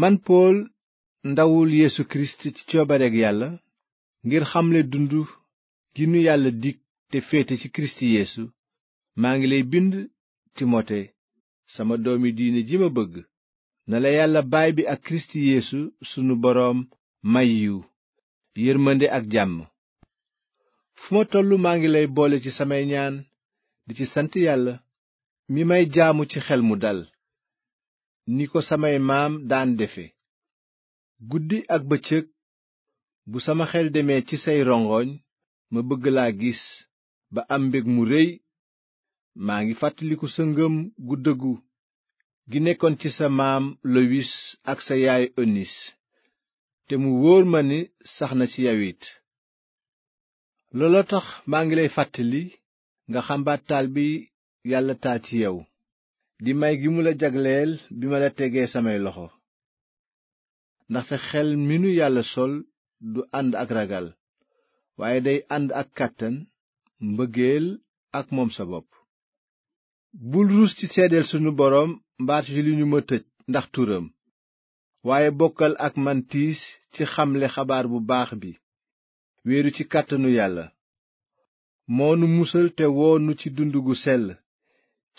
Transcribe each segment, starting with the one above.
man pool ndawul yéesu Kirist ci coobareg Yàlla ngir xamle dund gi nu Yàlla dikk te féete ci Kirist Yeesu maa ngi lay bind Timote sama doomi diine ji ma bëgg na la Yàlla Baay bi ak Kirist Yeesu sunu boroom may yiw ak jàmm fu ma tollu maa ngi lay boole ci samay ñaan di ci sant Yàlla mi may jaamu ci xel mu dal ni ko samay maam daan defe guddi ak bëccëg bu sama xel demee ci say rongoñ ma bëgg laa gis ba am mbég mu réy maa ngi fàttaliku sa ngëm gu dëggu gi nekkoon ci sa maam lowis ak sa yaay onis te mu wóor ma ni sax na ci yow it looloo tax maa ngi lay fàttali nga xambaataal bi yàlla taal ci yow di may gi mu la jagleel bi ma la tegee samay loxo ndaxte xel mi nu yàlla sol du ànd ak ragal waaye day ànd ak kàttan mbëggeel ak moom sa bopp bul ruus ci seedeel sunu boroom mbaat yi li ñu ma tëj ndax turam waaye bokkal ak mantiis ci xamle xabaar bu baax bi wéeru ci kàttanu yàlla moo nu musal te woonu ci dund gu sell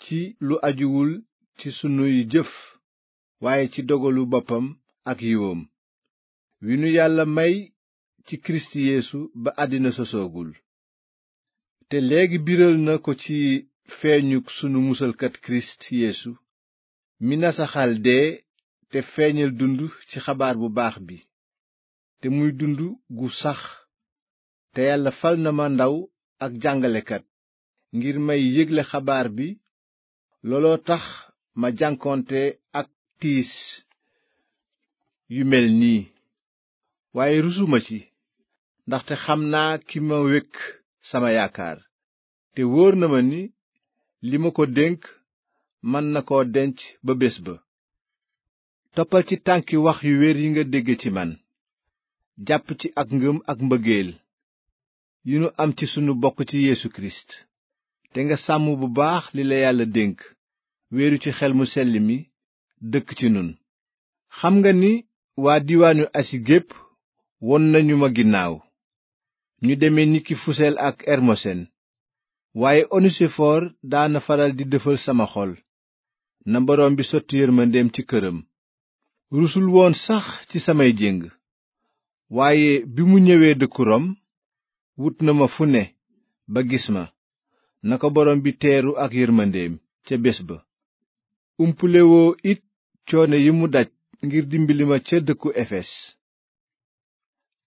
ci lu ajuwul ci sunuy jëf waaye ci dogalu boppam ak yiwoom wi nu yàlla may ci kirist yéesu ba àddina sosoogul te léegi biral na ko ci feeñuk sunu musalkat kirist yéesu mi nasaxal dee te feeñal dund ci xabaar bu baax bi te muy dund gu sax te yàlla fal na ma ndaw ak jàngalekat ngir may yégle xabaar bi looloo tax ma jànkoonte ak tiis yu mel nii waaye rusuma ci ndaxte xam naa ki ma wekk sama yaakaar te wóor na ma ni li ma ko dénk mën na koo denc ba bés ba toppal ci tànki wax yu wér yi nga dégg ci man jàpp ci ak ngëm ak mbëggeel yi nu am ci sunu bokk ci Yeesu Kirist te nga sàmm bu baax li la Yàlla dénk wéeru ci xel mu sell mi dëkk ci nun xam nga ni waa diwaanu asi gépp won nañu ma ginnaaw ñu deme ni ki ak hermosen waaye onesifoor daana faral di dëfal sama xol na borom bi sotti yërmandeem ci këram rusul woon sax ci samay jéng waaye bi mu ñëwee dëkku rom wut na ma fu ne ba gis ma na ko borom bi teeru ak yërmandeem ca bés ba umpulewoo it coono yi mu daj ngir dimbali ma ca dëkku efes